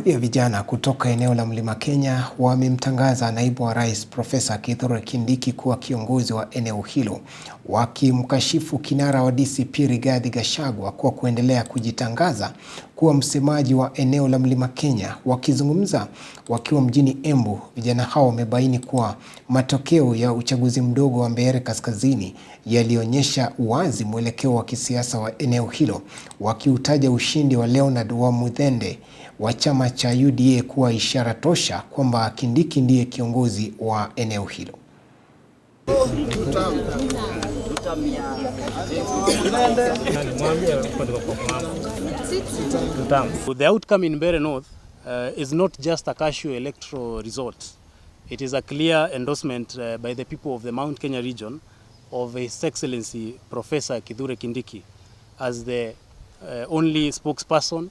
Baadhi ya vijana kutoka eneo la Mlima Kenya wamemtangaza naibu wa rais Profesa Kithure Kindiki kuwa kiongozi wa eneo hilo, wakimkashifu kinara wa DCP Rigathi Gachagua kwa kuendelea kujitangaza kuwa msemaji wa eneo la Mlima Kenya. Wakizungumza wakiwa mjini Embu, vijana hao wamebaini kuwa matokeo ya uchaguzi mdogo wa Mbeere Kaskazini yalionyesha wazi mwelekeo wa kisiasa wa eneo hilo, wakiutaja ushindi wa Leonard Wamuthende wa chama cha UDA kuwa ishara tosha kwamba Kindiki ndiye kiongozi wa eneo hilo. The outcome in Mbeere North uh, is not just a casual electoral result. It is a clear endorsement uh, by the people of the Mount Kenya region of His Excellency Professor Kithure Kindiki as the uh, only spokesperson,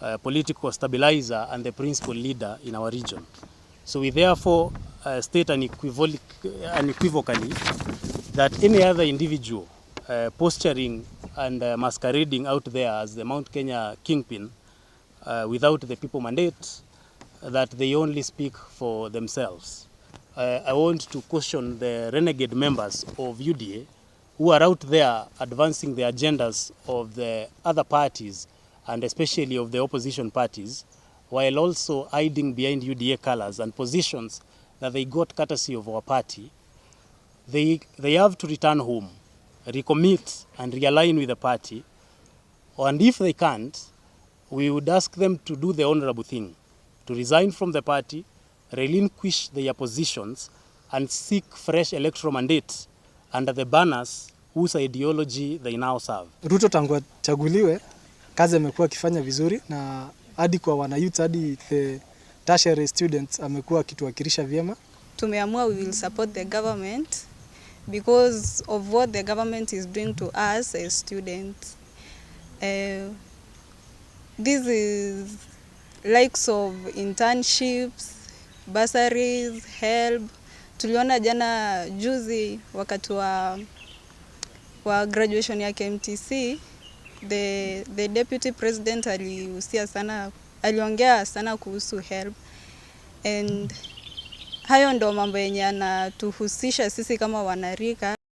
uh, political stabilizer and the principal leader in our region. So we therefore uh, state uh, unequivocally that any other individual Uh, posturing and uh, masquerading out there as the Mount Kenya kingpin uh, without the people mandate uh, that they only speak for themselves. Uh, I want to question the renegade members of UDA who are out there advancing the agendas of the other parties and especially of the opposition parties while also hiding behind UDA colors and positions that they got courtesy of our party. They, they have to return home recommit and realign with the party and if they can't we would ask them to do the honorable thing to resign from the party relinquish their positions and seek fresh electoral mandates under the banners whose ideology they now serve. Ruto tangu achaguliwe kazi amekuwa akifanya vizuri na hadi kwa wanayouth hadi the tertiary students amekuwa akituwakilisha vyema. Tumeamua we will support the government because of what the government is doing to us as students. Uh, this is likes of internships, bursaries, help. Tuliona jana juzi wakati wa wa graduation ya KMTC the, the deputy president alihusia sana, aliongea sana kuhusu help and Hayo ndo mambo yenye yanatuhusisha sisi kama wanarika.